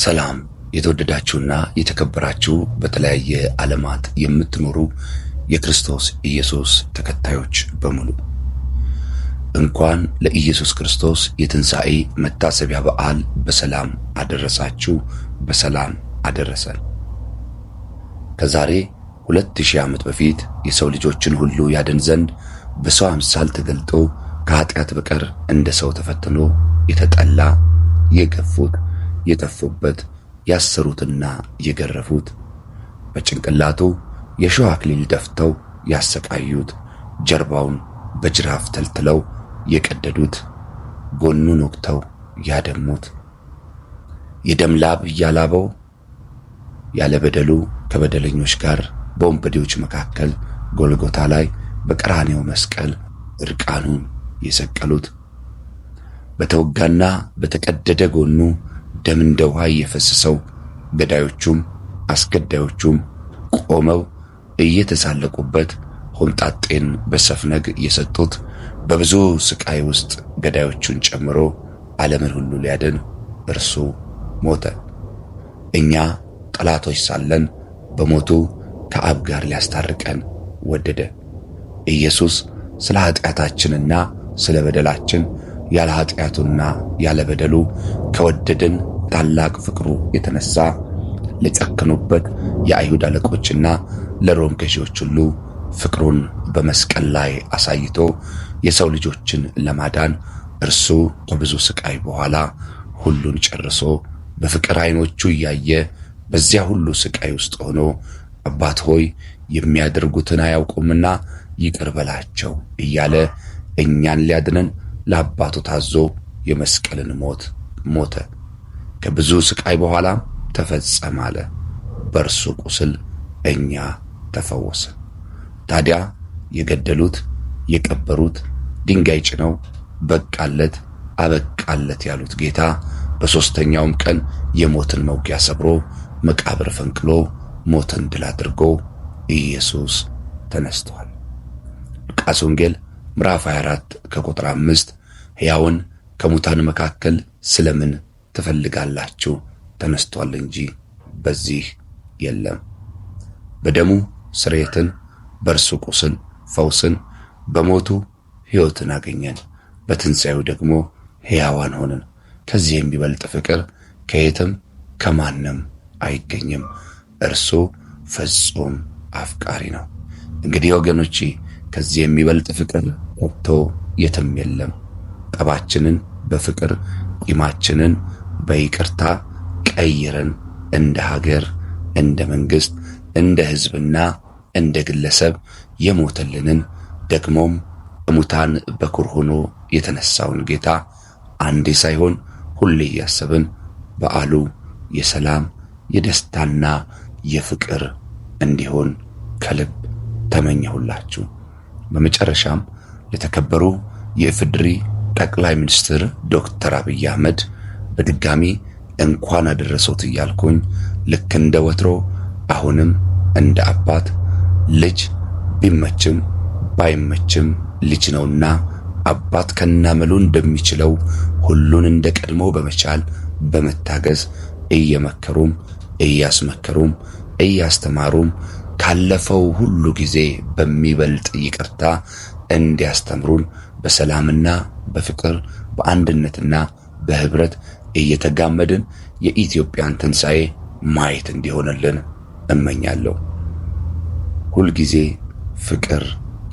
ሰላም የተወደዳችሁና የተከበራችሁ በተለያየ ዓለማት የምትኖሩ የክርስቶስ ኢየሱስ ተከታዮች በሙሉ እንኳን ለኢየሱስ ክርስቶስ የትንሣኤ መታሰቢያ በዓል በሰላም አደረሳችሁ፣ በሰላም አደረሰን። ከዛሬ ሁለት ሺህ ዓመት በፊት የሰው ልጆችን ሁሉ ያድን ዘንድ በሰው አምሳል ተገልጦ ከኀጢአት በቀር እንደ ሰው ተፈትኖ የተጠላ የገፉት የጠፉበት ያሰሩትና የገረፉት በጭንቅላቱ የሸዋ አክሊል ደፍተው ያሰቃዩት ጀርባውን በጅራፍ ተልትለው የቀደዱት ጎኑን ወቅተው ያደሙት የደም ላብ እያላበው ያለበደሉ ከበደለኞች ጋር በወንበዴዎች መካከል ጎልጎታ ላይ በቀራኔው መስቀል እርቃኑን የሰቀሉት በተወጋና በተቀደደ ጎኑ ደም እንደ ውሃ እየፈሰሰው ገዳዮቹም አስገዳዮቹም ቆመው እየተሳለቁበት ሆምጣጤን በሰፍነግ የሰጡት በብዙ ስቃይ ውስጥ ገዳዮቹን ጨምሮ ዓለምን ሁሉ ሊያድን እርሱ ሞተ። እኛ ጠላቶች ሳለን በሞቱ ከአብ ጋር ሊያስታርቀን ወደደ። ኢየሱስ ስለ ኃጢአታችንና ስለ በደላችን ያለ ኃጢአቱና ያለ በደሉ ከወደደን ታላቅ ፍቅሩ የተነሳ ለጨከኑበት የአይሁድ አለቆችና ለሮም ገዢዎች ሁሉ ፍቅሩን በመስቀል ላይ አሳይቶ የሰው ልጆችን ለማዳን እርሱ ከብዙ ስቃይ በኋላ ሁሉን ጨርሶ በፍቅር አይኖቹ እያየ በዚያ ሁሉ ስቃይ ውስጥ ሆኖ አባት ሆይ የሚያደርጉትን አያውቁምና ይቅር በላቸው እያለ እኛን ሊያድነን ለአባቱ ታዞ የመስቀልን ሞት ሞተ። ከብዙ ስቃይ በኋላ ተፈጸመ አለ። በእርሱ ቁስል እኛ ተፈወሰ። ታዲያ የገደሉት የቀበሩት፣ ድንጋይ ጭነው በቃለት አበቃለት ያሉት ጌታ በሦስተኛውም ቀን የሞትን መውጊያ ሰብሮ መቃብር ፈንቅሎ ሞትን ድል አድርጎ ኢየሱስ ተነስተዋል። ሉቃስ ወንጌል ምዕራፍ 24 ከቁጥር 5 ሕያውን ከሙታን መካከል ስለምን ትፈልጋላችሁ? ተነስቷል እንጂ በዚህ የለም። በደሙ ስርየትን፣ በእርሱ ቁስል ፈውስን፣ በሞቱ ሕይወትን አገኘን፣ በትንሣኤው ደግሞ ሕያዋን ሆንን። ከዚህ የሚበልጥ ፍቅር ከየትም ከማንም አይገኝም። እርሱ ፍጹም አፍቃሪ ነው። እንግዲህ ወገኖቼ ከዚህ የሚበልጥ ፍቅር ወጥቶ የትም የለም። ጠባችንን በፍቅር ቂማችንን በይቅርታ ቀይረን እንደ ሀገር፣ እንደ መንግስት፣ እንደ ህዝብና እንደ ግለሰብ የሞተልንን ደግሞም እሙታን በኩር ሆኖ የተነሳውን ጌታ አንዴ ሳይሆን ሁሌ እያሰብን በዓሉ የሰላም የደስታና የፍቅር እንዲሆን ከልብ ተመኘሁላችሁ። በመጨረሻም የተከበሩ የኢፌዴሪ ጠቅላይ ሚኒስትር ዶክተር አብይ አህመድ በድጋሚ እንኳን አደረሶት እያልኩኝ ልክ እንደ ወትሮ አሁንም እንደ አባት ልጅ ቢመችም ባይመችም ልጅ ነውና አባት ከናመሉ እንደሚችለው ሁሉን እንደ ቀድሞ በመቻል በመታገዝ እየመከሩም እያስመከሩም እያስተማሩም ካለፈው ሁሉ ጊዜ በሚበልጥ ይቅርታ እንዲያስተምሩን በሰላምና በፍቅር በአንድነትና በህብረት እየተጋመድን የኢትዮጵያን ትንሣኤ ማየት እንዲሆንልን እመኛለሁ። ሁልጊዜ ፍቅር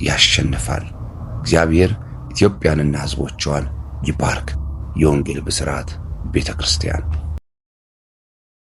ያሸንፋል። እግዚአብሔር ኢትዮጵያንና ህዝቦቿን ይባርክ። የወንጌል ብስራት ቤተ ክርስቲያን